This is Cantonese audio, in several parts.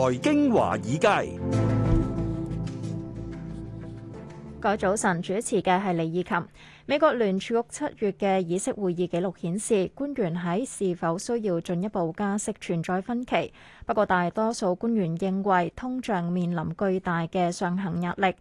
財經華爾街。嗰早晨主持嘅係李以琴。美國聯儲局七月嘅議息會議記錄顯示，官員喺是否需要進一步加息存在分歧。不過，大多數官員認為通脹面臨巨大嘅上行壓力，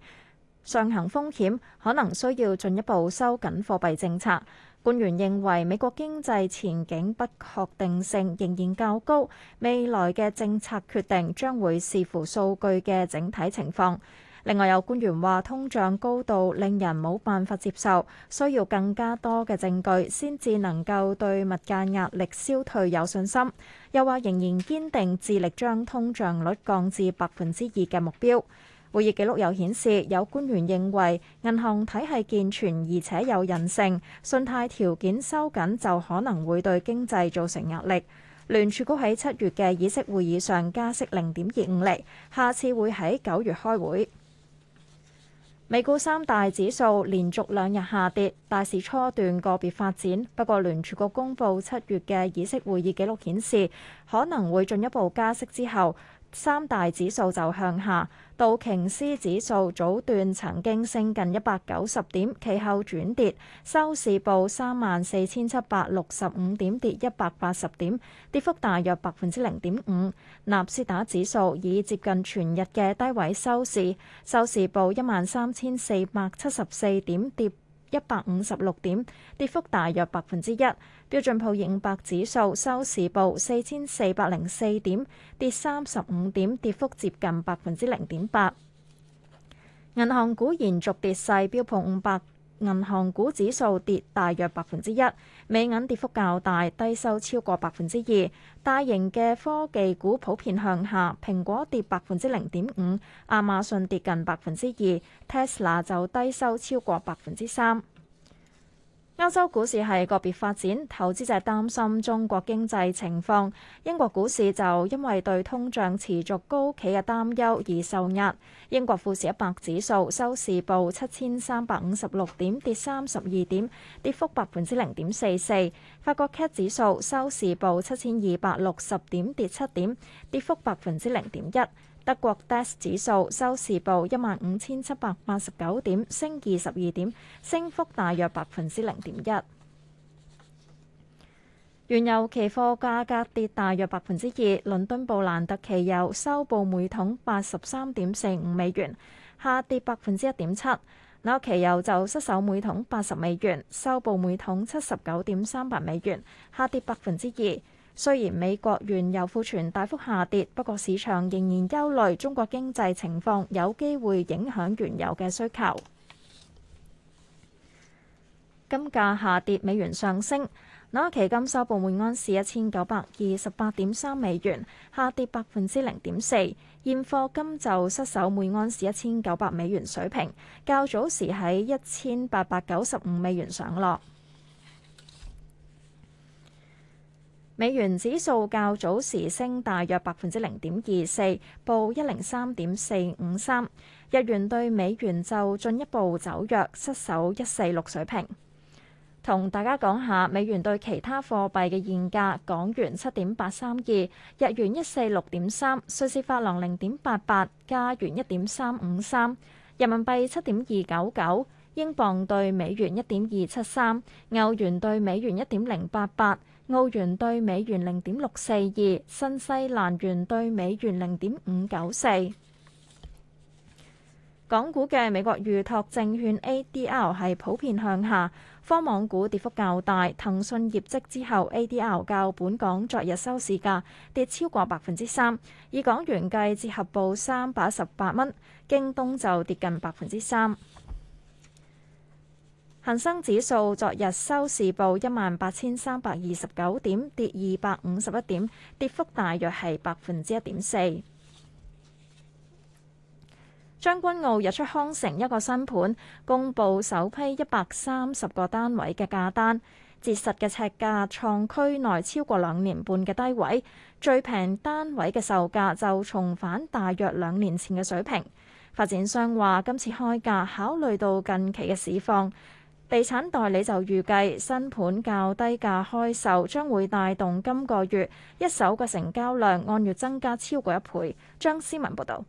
上行風險可能需要進一步收緊貨幣政策。官員認為美國經濟前景不確定性仍然較高，未來嘅政策決定將會視乎數據嘅整體情況。另外有官員話通脹高度令人冇辦法接受，需要更加多嘅證據先至能夠對物價壓力消退有信心。又話仍然堅定致力將通脹率降至百分之二嘅目標。會議記錄有顯示，有官員認為銀行體系健全而且有韌性，信貸條件收緊就可能會對經濟造成壓力。聯儲局喺七月嘅議息會議上加息零點二五厘，下次會喺九月開會。美股三大指數連續兩日下跌，大市初段個別發展。不過聯儲局公佈七月嘅議息會議記錄顯示，可能會進一步加息之後，三大指數就向下，道瓊斯指數早段曾經升近一百九十點，其後轉跌，收市報三萬四千七百六十五點，跌一百八十點，跌幅大約百分之零點五。納斯達指數以接近全日嘅低位收市，收市報一萬三千四百七十四點，跌。一百五十六點，跌幅大約百分之一。標準普爾五百指數收市報四千四百零四點，跌三十五點，跌幅接近百分之零點八。銀行股延續跌勢，標普五百銀行股指數跌大約百分之一，美銀跌幅較大，低收超過百分之二。大型嘅科技股普遍向下，蘋果跌百分之零點五，亞馬遜跌近百分之二，Tesla 就低收超過百分之三。歐洲股市係個別發展，投資者擔心中國經濟情況。英國股市就因為對通脹持續高企嘅擔憂而受壓。英國富時一百指數收市報七千三百五十六點，跌三十二點，跌幅百分之零點四四。法國 CAC 指數收市報七千二百六十點，跌七點，跌幅百分之零點一。德國 DAX 指數收市報一萬五千七百八十九點，升二十二點，升幅大約百分之零點一。原油期貨價格跌大約百分之二，倫敦布蘭特期油收報每桶八十三點四五美元，下跌百分之一點七。紐期油就失守每桶八十美元，收報每桶七十九點三百美元，下跌百分之二。雖然美國原油庫存大幅下跌，不過市場仍然憂慮中國經濟情況，有機會影響原油嘅需求。金價下跌，美元上升。紐約期金收報每安士一千九百二十八點三美元，下跌百分之零點四。現貨金就失守每安士一千九百美元水平，較早時喺一千八百九十五美元上落。美元指數較早時升大約百分之零點二四，報一零三點四五三。日元對美元就進一步走弱，失守一四六水平。同大家講下美元對其他貨幣嘅現價：港元七點八三二，日元一四六點三，瑞士法郎零點八八，加元一點三五三，人民幣七點二九九，英鎊對美元一點二七三，歐元對美元一點零八八。澳元兌美元零點六四二，新西蘭元兌美元零點五九四。港股嘅美國預託證券 A D R 係普遍向下，科網股跌幅較大。騰訊業績之後，A D R 較本港昨日收市價跌超過百分之三，以港元計折合報三百十八蚊。京東就跌近百分之三。恒生指數昨日收市報一萬八千三百二十九點，跌二百五十一點，跌幅大約係百分之一點四。將軍澳日出康城一個新盤公布首批一百三十個單位嘅價單，折實嘅尺價創區內超過兩年半嘅低位，最平單位嘅售價就重返大約兩年前嘅水平。發展商話，今次開價考慮到近期嘅市況。地產代理就預計新盤較低價開售將會帶動今個月一手嘅成交量按月增加超過一倍。張思文報導，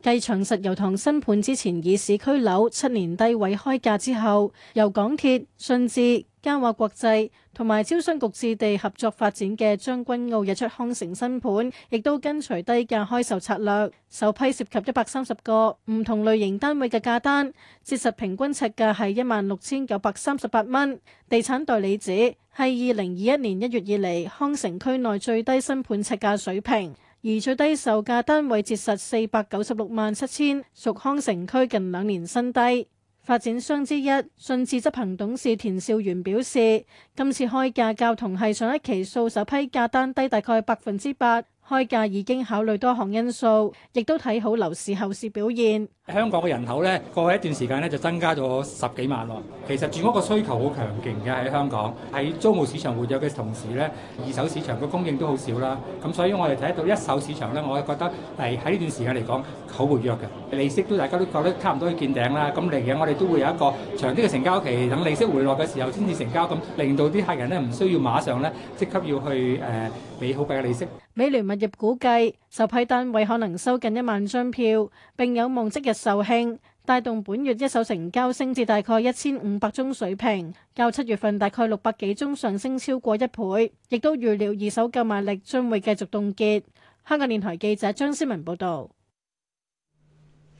繼長實油塘新盤之前以市區樓七年低位開價之後，由港鐵、信置、嘉華國際同埋招商局置地合作發展嘅將軍澳日出康城新盤，亦都跟隨低價開售策略，首批涉及一百三十個唔同類型單位嘅價單，折實平均尺價係一萬六千九百三十八蚊。地產代理指係二零二一年一月以嚟康城區內最低新盤尺價水平，而最低售價單位折實四百九十六萬七千，屬康城區近兩年新低。發展商之一信置執行董事田兆源表示，今次開價較同系上一期數首批價單低大概百分之八。開價已經考慮多項因素，亦都睇好樓市後市表現。香港嘅人口咧過去一段時間咧就增加咗十幾萬咯。其實住屋個需求好強勁嘅喺香港，喺租務市場活躍嘅同時咧，二手市場嘅供應都好少啦。咁所以我哋睇到一手市場咧，我覺得係喺呢段時間嚟講好活躍嘅。利息都大家都覺得差唔多要見頂啦。咁嚟緊我哋都會有一個長啲嘅成交期，等利息回落嘅時候先至成交，咁令到啲客人咧唔需要馬上咧即刻要去誒俾好貴嘅利息。美聯物入估計首批單位可能收近一萬張票，並有望即日售罄，帶動本月一手成交升至大概一千五百宗水平，較七月份大概六百幾宗上升超過一倍。亦都預料二手購買力將會繼續凍結。香港電台記者張思文報導，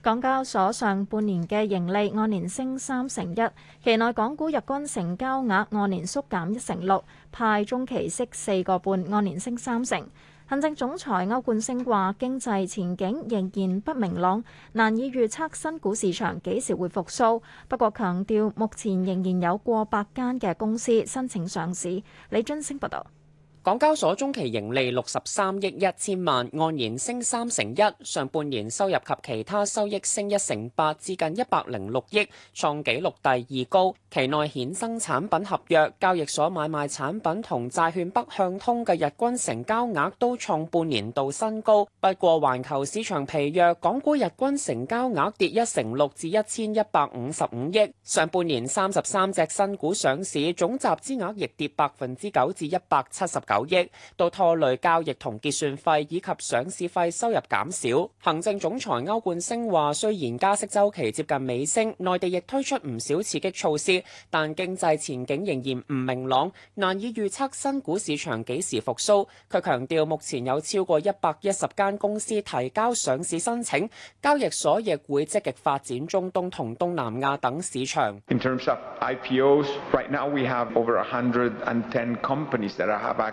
港交所上半年嘅盈利按年升三成一，期內港股日均成交額按年縮減一成六，派中期息四個半，按年升三成。行政總裁歐冠升話：經濟前景仍然不明朗，難以預測新股市場幾時會復甦。不過強調，目前仍然有過百間嘅公司申請上市。李津升報道。港交所中期盈利六十三億一千萬按年升三成一。上半年收入及其他收益升一成八，至近一百零六億，創紀錄第二高。期內衍生產品合約交易所買賣產品同債券北向通嘅日均成交額都創半年度新高。不過環球市場疲弱，港股日均成交額跌一成六至一千一百五十五億。上半年三十三隻新股上市，總集資額亦跌百分之九至一百七十。九億到拖累交易同結算費以及上市費收入減少。行政總裁歐冠昇話：雖然加息週期接近尾聲，內地亦推出唔少刺激措施，但經濟前景仍然唔明朗，難以預測新股市場幾時復甦。佢強調，目前有超過一百一十間公司提交上市申請，交易所亦會積極發展中東同東南亞等市場。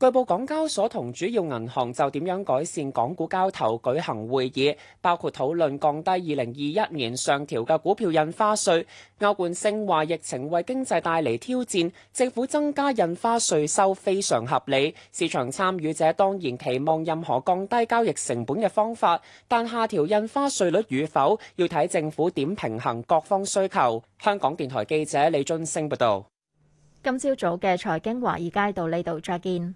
據報，港交所同主要銀行就點樣改善港股交投舉行會議，包括討論降低二零二一年上調嘅股票印花稅。歐冠昇話：疫情為經濟帶嚟挑戰，政府增加印花稅收非常合理。市場參與者當然期望任何降低交易成本嘅方法，但下調印花稅率與否要睇政府點平衡各方需求。香港電台記者李津星報道。今朝早嘅財經華爾街，到呢度，再見。